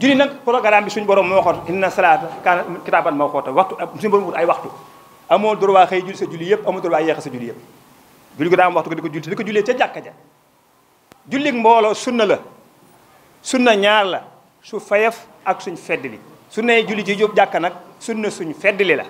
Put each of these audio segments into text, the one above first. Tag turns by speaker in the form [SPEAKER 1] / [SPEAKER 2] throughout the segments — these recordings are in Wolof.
[SPEAKER 1] julli nag programme bi suñu borom moo xoot inna salaata kaana kitaaban mawquuta waxtu suñu borom wut ay waxtu amoo droit xëy julli sa julli yëpp amoo droit yeexe sa julli yëpp julli ko daa am waxtu ko di ko julli ca jàkka ja jullig mbooloo sunna la sunna ñaar la su fayaf ak suñ fedd li sunna yi julli ci jóob jàkka nag sunna suñ fedd li la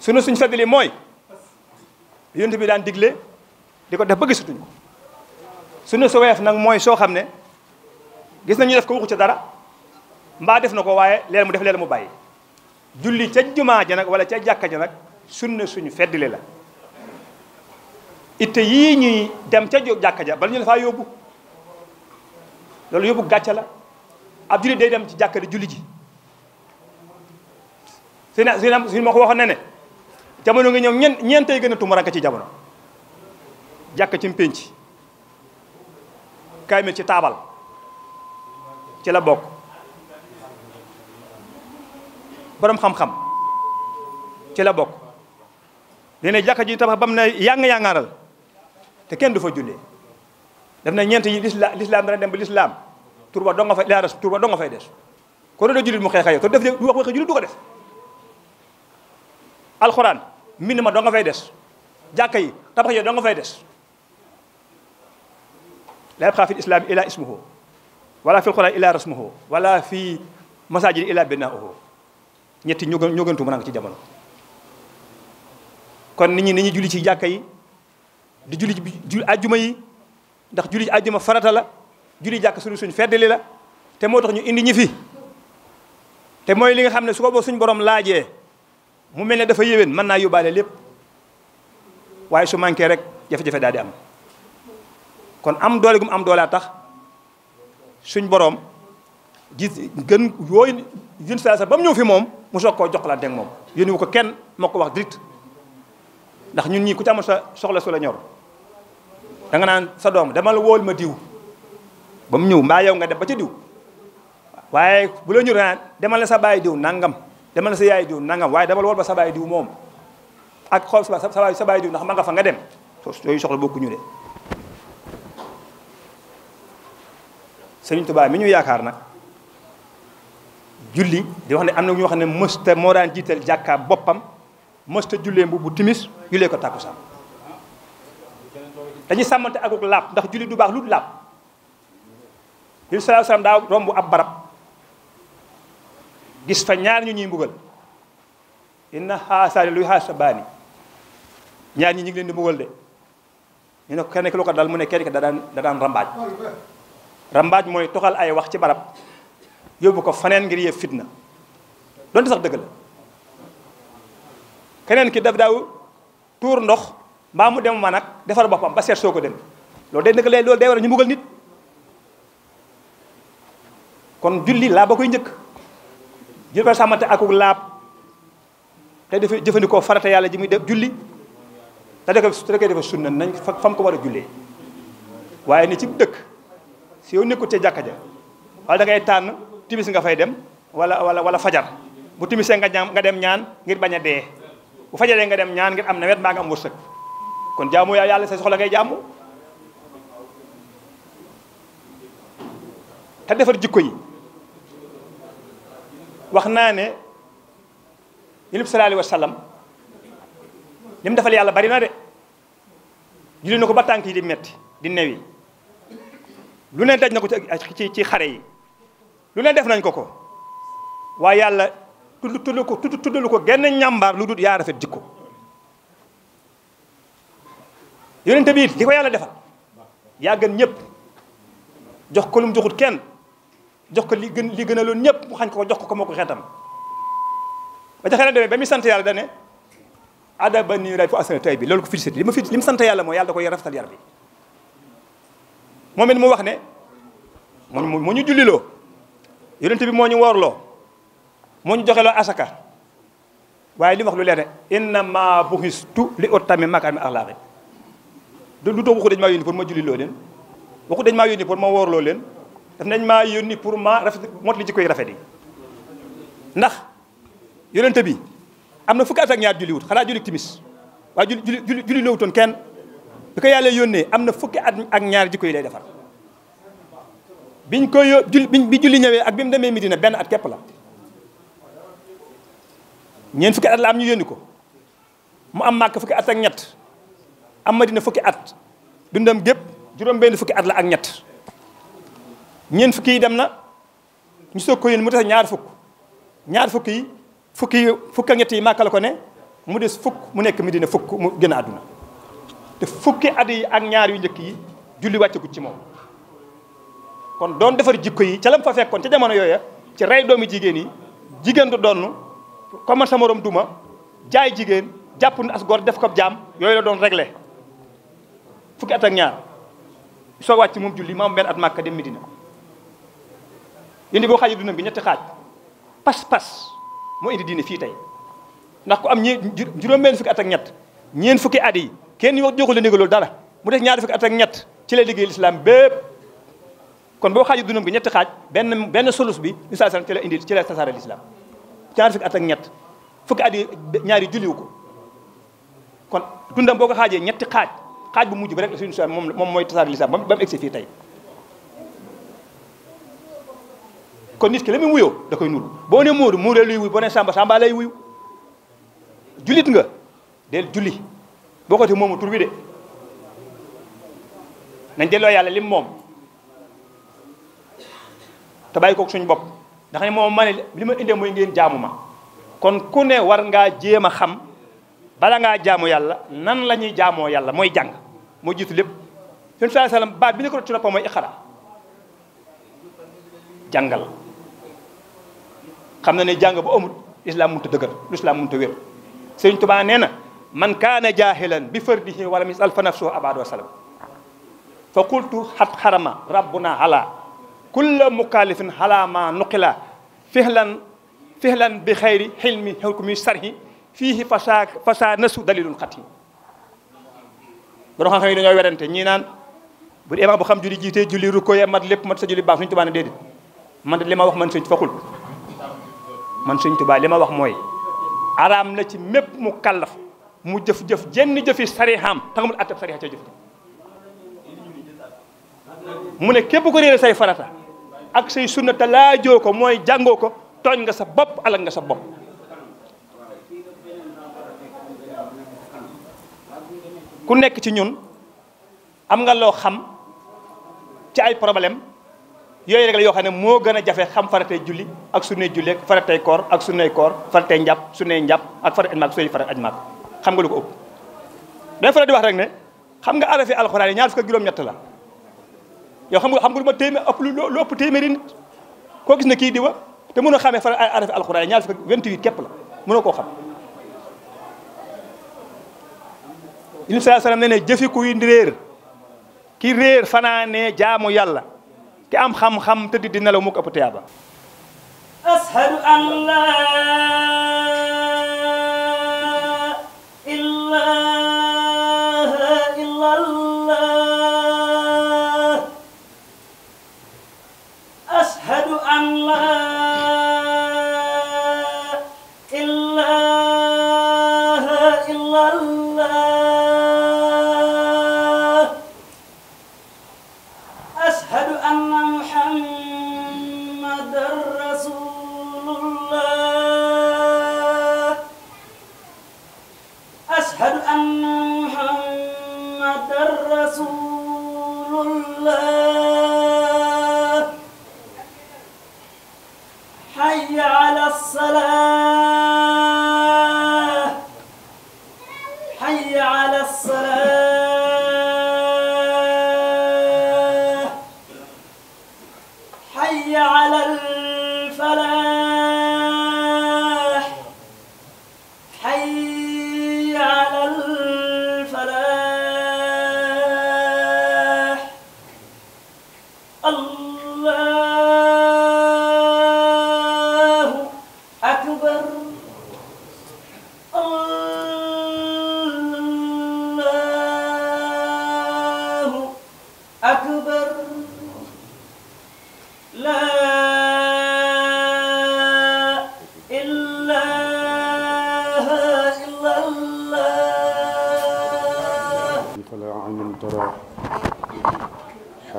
[SPEAKER 1] sunna suñ fedd li mooy yonent bi daan digle di ko def bëgg sutuñ ko sunna su wayaf nag mooy soo xam ne gis nañu def ko waxu ca dara mbaa def na ko waaye leen mu def leen mu bay julli ca jumaa ja nag wala ca jàkka ja nag sunna suñu feddli la itte yii ñuy dem ca jàkka ja bala ñu la faa loolu yóbbu gàcce la ab julli day dem ci jàkka di julli ji su na suñu moo ko waxoon ne ne jamono ngi ñëw ñen ñeentay gën a tumuranke ci jamono jàkka ci mpénc kaamil ci taabal ci la bokk boroom xam-xam ci la bokk dina jàkka ji tabax ba mu ne yàng-yàngaaral te kenn du fa jullee daf na ñeent yi lislaam dana dem ba lislaam tur ba dong nga fay des tur ba dong nga fay des ko doo jullit mu xeexa yow te def du wax waxi jullit du ko def alxuraan mbind ma doo fay des jàkka yi tabax yi doo fay des la yabqa fi l islaam ila ismuhu wala fil quran illa rasmuhu wala fii masajid illa binaahu ñetti ñu ñu gëntu mën nga ci jamono kon nit ñi nañu julli ci jàkka yi di julli ci ajjuma yi ndax julli ci ajjuma farata la julli jàkk suñu suñ feddali la te moo tax ñu indi ñi fi te mooy li nga xam ne su ko suñ boroom laajee mu mel ne dafa yéwén man naa yóbbaale lépp waaye su manqué rek jafe-jafe daal am kon am doole gum am doolaa tax suñ boroom gis gën yooyu yén saa sa ba mu ñëw fi moom mu soog koo joxalante ak moom yéen wu ko kenn moo ko wax direct ndax ñun ñii ku ci amoon soxla su la ñor da naan sa doom demal la wóol ma diw ba ñëw mbaa yow nga dem ba ca diw waaye bu la ñor naan demal la sa baay diw nangam demal la sa yaay diw nangam waaye dama la ba sa baay diw moom ak xool sa sa baay diw ndax ma nga fa nga dem yooyu soxla bokkuñu de sëriñ Tuubaa mi ñuy yaakaar nag julli di wax ne am na ñoo xam ne mësta moo daan jiital jàkkaa boppam mësta jullee mbubu timis jullee ko tàkkusaan dañuy sàmmante akuk laab ndax julli du baax lu laab julli sallallahu alayhi daa romb ab barab gis fa ñaar ñu ñuy mbugal inna xaasaani luy xaasa baani ñaar ñi ñu ngi leen di mbugal de ñu ne kenn ki lu ko dal mu ne kenn ki daan da daan rambaaj rambaaj mooy toxal ay wax ci barab yóbbu ko faneen ngir yee fitna donte sax dëgg la keneen ki daf daaw tuur ndox mbaa mu dem ma nag defar boppam ba seet soo ko dem loolu day nag loolu day war a ñu mbugal nit kon julli laa ba koy njëkk jël sàmmante akuk laab dafa jëfandikoo farata yàlla ji muy def julli te da koy dafa sunna nañ fa fam ko war a jullee waaye ni ci dëkk si yow nekkul ca jàkka ja wala da ngay tànn timis nga fay dem wala wala wala fajar bu timisee nga ñaam nga dem ñaan ngir bañ a dee bu fajaree nga dem ñaan ngir am nawet mbaa nga am wërsëg kon jaamu yàlla say soxla ngay jaamu te defar jikko yi wax naa ne yonent bi sallallahu alayhi mu defal yàlla bari na de julli na ko ba tànk yi di metti di newi lu ne daj na ko ci ci xare yi lu leen def nañ ko ko waaye yàlla tudd tudd ko tudd tuddalu ko genn ñàmbaar lu dul yaa rafet jikko yonente bi li ko yàlla defal yaa gën ñëpp jox ko lu mu joxut kenn jox ko li gën li gën a loon ñëpp mu xañ ko jox ko ko moo ko xeetam ba ca xelam demee ba muy sant yàlla dane adaba ni ray fu asana tay bi loolu ko félicité li ma mu sant yàlla mooy yàlla da koy yar bi moom it mu wax ne mu mu ñu julliloo yonent bi moo ñu woorloo moo ñu joxeloo asaka waaye li wax lu leer ne na buxistu li utammima makaarima axlaaqi du du tax waxu dañ maa yónni pour ma julliloo leen waxu dañ maa yónni pour ma woorloo leen daf nañ maa yónni pour ma rafet mot li ci koy rafet yi ndax yonent bi am na fukki at ak ñaar julliwut xanaa julli timis waaye julli julli julli lowutoon kenn bi ko yàlla yónnee am na fukki at ak ñaar jikko yi lay defar biñ ko yó jul bi julli ñëwee ak bi mu demee Medina benn at képp la ñeent fukki at la ko mu am màkk fukki at ak ñett am fukki at dundam gépp juróom fukki at ak ñett ñeent fukki yi dem na ñu soog ko yónni mu des ñaar fukk ñaar fukk yi fukki fukk ak ñett yi màkk la ko ne mu des fukk mu nekk Medina fukk mu gën a àdduna te fukki at yi ak ñaar yu njëkk yi julli wàccagut ci moom kon doon defar jikko yi ca lam fa fekkoon ca jamono yooya ci rey doomi jigéen yi jigéen du donn comme man sama morom duma jaay jigéen jàpp ne as góor def ko jaam yooyu la doon réglé fukki at ak ñaar soo wàcc moom julli maam benn at màkka dem Medina indi boo xaajee dundam bi ñetti xaaj pas-pas moo indi diine fii tey ndax ku am ñi juróom benn fukki at ak ñett ñeent fukki at yi kenn yoo joxul la loolu dara mu def ñaari fukki at ak ñett ci lay liggéey lislaam bépp kon boo xaaju duna bi ñetti xaaj benn benn solus bi li saa ci la indi ci la tasaare lislaam ñaari fukki at ak ñett fukki at yi ñaari julliwu ko kon dundam boo ko xaajee ñetti xaaj xaaj bu mujj bi rek la suñu lislaam moom mooy tasaare lislaam ba mu fii tey kon nit ki la muy wuyoo da koy nuru boo ne Moodu Moodu luy wuyu boo ne Samba Samba lay wuyu jullit nga del julli bokkati moomu tur bi de nañ delloo yàlla lim moom te bàyyi koog suñu bopp ndax ne moom ma ne li ma indee mooy ngeen jaamu ma kon ku ne war ngaa jéem a xam bala ngaa jaamu yàlla nan la ñuy jaamoo yàlla mooy jàng moo jiitu lépp yonent bi sallam baat bi ne ko ci noppam mooy iqra jàngal xam na ne jàng boo amut islam mënut a dëgër lu islam mënut a wér Sëriñ Tuubaa nee na man kaana jahilan bi fardihi wala misal fa nafsuhu abad wa salam fa qultu xat xarama rabbuna ala kulla mukallifin ala ma nuqila fihlan fihlan bi xayri xilmi xukmi sarhi fiihi fasa fasa nasu dalilun xat yi borom xam-xam yi dañoo werante ñii naan bu imaam bu xam julli jiitee julli rukkooyee mat lépp mat sa julli baax suñu tubaa ne déedéet man li ma wax man suñ faqul man suñ tubaa li ma wax mooy araam na ci mépp mu kallaf mu jëf-jëf jenn jëfi sarixaam te xamul atteb sarixa ca jëf mu ne képp ko réere say farata ak say sunna te ko mooy jàngoo ko tooñ nga sa bopp alal nga sa bopp ku nekk ci ñun am nga loo xam ci ay problème yooyu rek yoo xam ne moo gën a jafe xam faratay julli ak sunnay julli ak faratay koor ak sunnay koor faratay njàpp sunnay njàpp ak farat aj maak sooy farat aj maak xam nga lu ko ëpp day rek xam nga arafi alxuraan yi ñaar fukk ak juróom la yow xam nga xam nga lu ma téeméer ëpp lu ëpp téeméeri nit koo gis ne kii di wa te mënoo xamee faral arafi alxuraan yi ñaar fukk ak 28 képp la mënoo ko xam yunus saa sallam ne ne jëfi kuy réer ki réer fanaanee jaamu yàlla ki am xam-xam tëdd di nelaw mu ko ëpp tiyaaba
[SPEAKER 2] ashadu an على ال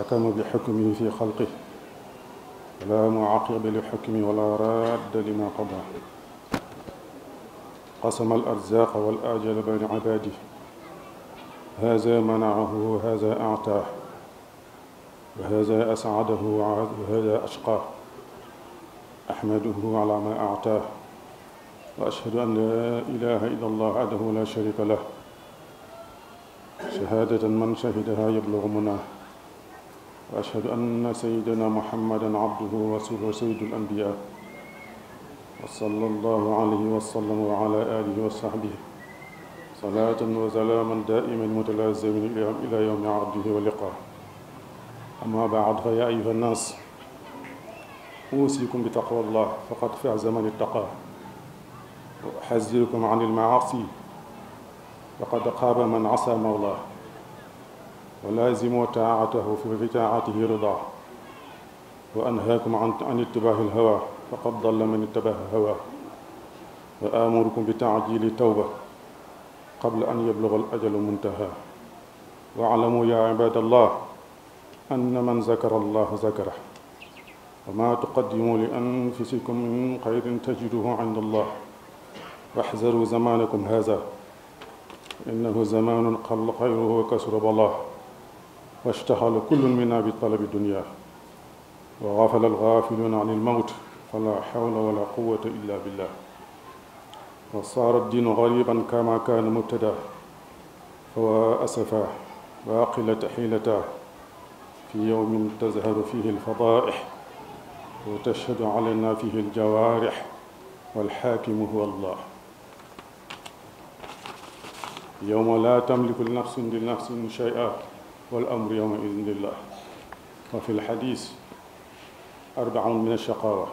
[SPEAKER 3] axkama bi xukmihi fi xalqih la muaqiba li xukmi wala radda lima qada qasama al arzaqa wal ajala bayna ibadih haza manaahu wa haza ataah wa haza ascadahu wa haza ashqaah axmaduhu ala ma ataah wa ashhadu an la ilaha illa allah wahdahu la sharika lah shahaadatan man shahidaha yablughu munaah وأشهد أن سيدنا محمدا عبده ورسوله سيد الأنبياء وصلى الله عليه وسلم وعلى آله وصحبه صلاة وسلاما دائما متلازما إلى يوم عرضه ولقاء أما بعد فيا أيها الناس أوصيكم بتقوى الله فقد فاز من اتقى وأحذركم عن المعاصي فقد خاب من عصى مولاه wa laazimu taatahu fi taatihi ridaa wa anhaakum an ittibaahi alhawaa faqad dalla man ittabaaha hawaa wa aamurukum bi taajili tawba qabla an yabluga alajalu muntahaa wa alamu yaa ibaadallah anna man zakara allaha zakara wa maa tuqaddimu li anfusikum min xayrin tajiduhu inda allah waxzaru zamaanakum haazaa innahu zamaanun qalla xayruhu wa kasura balaa wastaxala kullun minna bi talabi dunya wa xafala alxaafiluuna an ilmawt fala xawla wala quwata illa billah wa saara diinu gariban kama kaana mubtada fawa asafa wa aqilata xiilata fi yowmin tazharu fihi alfadaix wa tashhadu alayna fihi aljawaarix walxaakimu huwa allah yowma laa tamliku linafsin li nafsin shay'a wal amru yawma idin lillah wa fi lxadis arbaun min alchaqaawa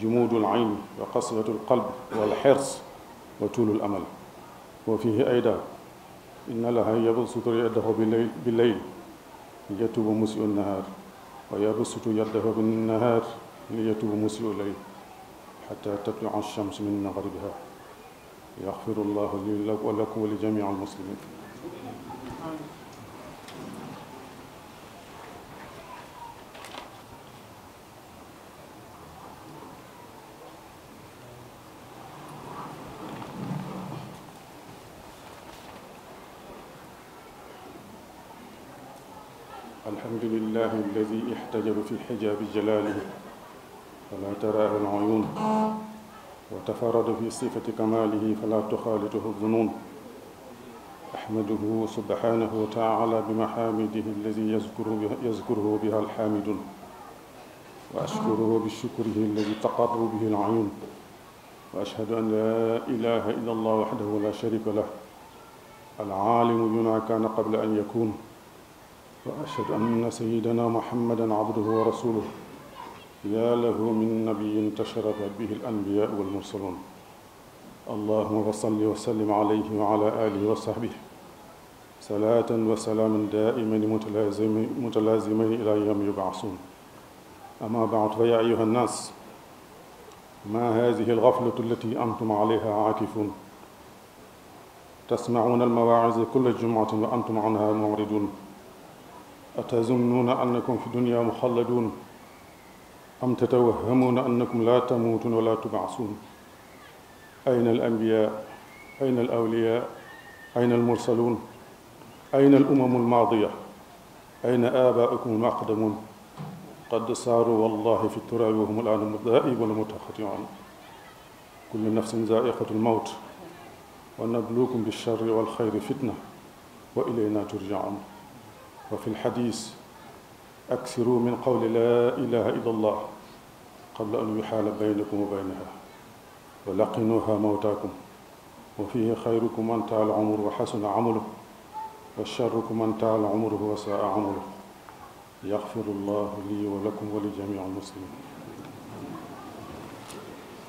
[SPEAKER 3] jumudu alcayni wa qaswatu alqalb walxirs wa tuulu alamal wa fihi ayda inna laha yabsutu yadahu billeyl liyatuba musiu nnahaar wa yabsutu yadahu binnahaar liyatuba musiu leyl xata tatluca alchamsu min magribiha yaxfiru llahu li lakum wa li jamici almuslimin الحمد لله الذي احتجب في حجاب جلاله فلا تراه العيون وتفرد في صفة كماله فلا تخالطه الظنون أحمده سبحانه وتعالى بمحامده الذي يذكره بها, يذكره بها الحامدون وأشكره بشكره الذي تقر به العيون وأشهد أن لا إله إلا الله وحده لا شريك له العالم بما كان قبل أن يكون وأشهد أن سيدنا محمدا عبده ورسوله يا له من نبي تشرف به الأنبياء والمرسلون اللهم صل وسلم عليه وعلى آله وصحبه صلاة وسلام دائما متلازمين إلى يوم يبعثون أما بعد فيا أيها الناس ما هذه الغفلة التي أنتم عليها عاكفون تسمعون المواعظ كل جمعة وأنتم عنها معرضون أتظنون أنكم في الدنيا مخلدون أم تتوهمون أنكم لا تموتون ولا تبعثون أين الأنبياء أين الأولياء أين المرسلون أين الأمم الماضية أين آباؤكم المقدمون قد صاروا والله في التراب وهم الآن الذائب والمتخطئون كل نفس ذائقة الموت ونبلوكم بالشر والخير فتنة وإلينا ترجعون wa fi lxadis aksiru min qawli laa ilaha illa allah qabla an yuxaala baynakum wa baynaha wa laqinuha mawtaakum wa fihi xayrukum man taala umru wa xasuna amaluhu wa charrukum man taala umruhu wa saa amaluhu yaxfiru llahu lii wa lakum wa li jamii almuslimin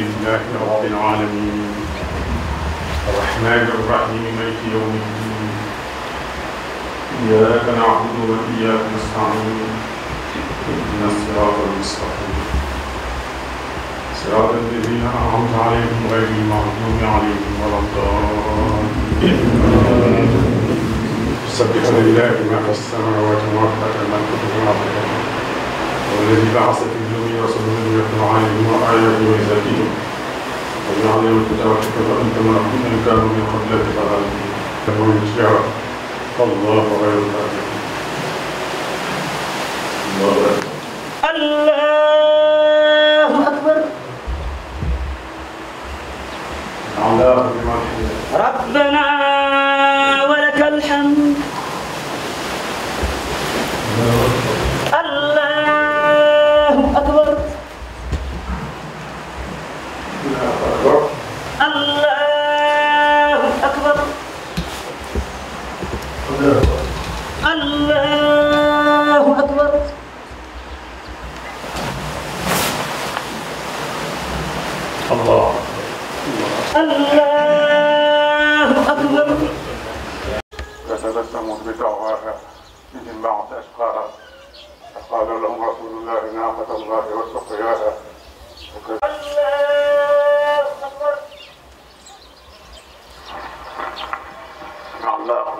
[SPEAKER 3] لله رب العالمين الرحمن الرحيم مالك يوم الدين إياك نعبد وإياك نستعين اهدنا الصراط المستقيم صراط الذين أنعمت عليهم غير المغضوب عليهم ولا الضالين سبح لله ما في السماوات وما في الأرض والذي بعث في عليهم وآياته ويزكيهم وجعل لهم الكتاب حفظا أنت معهم إن كانوا من قبلك فغالبين كانوا يشيعا فالله غير الكافرين
[SPEAKER 2] الله أكبر ربنا ولك الحمد الله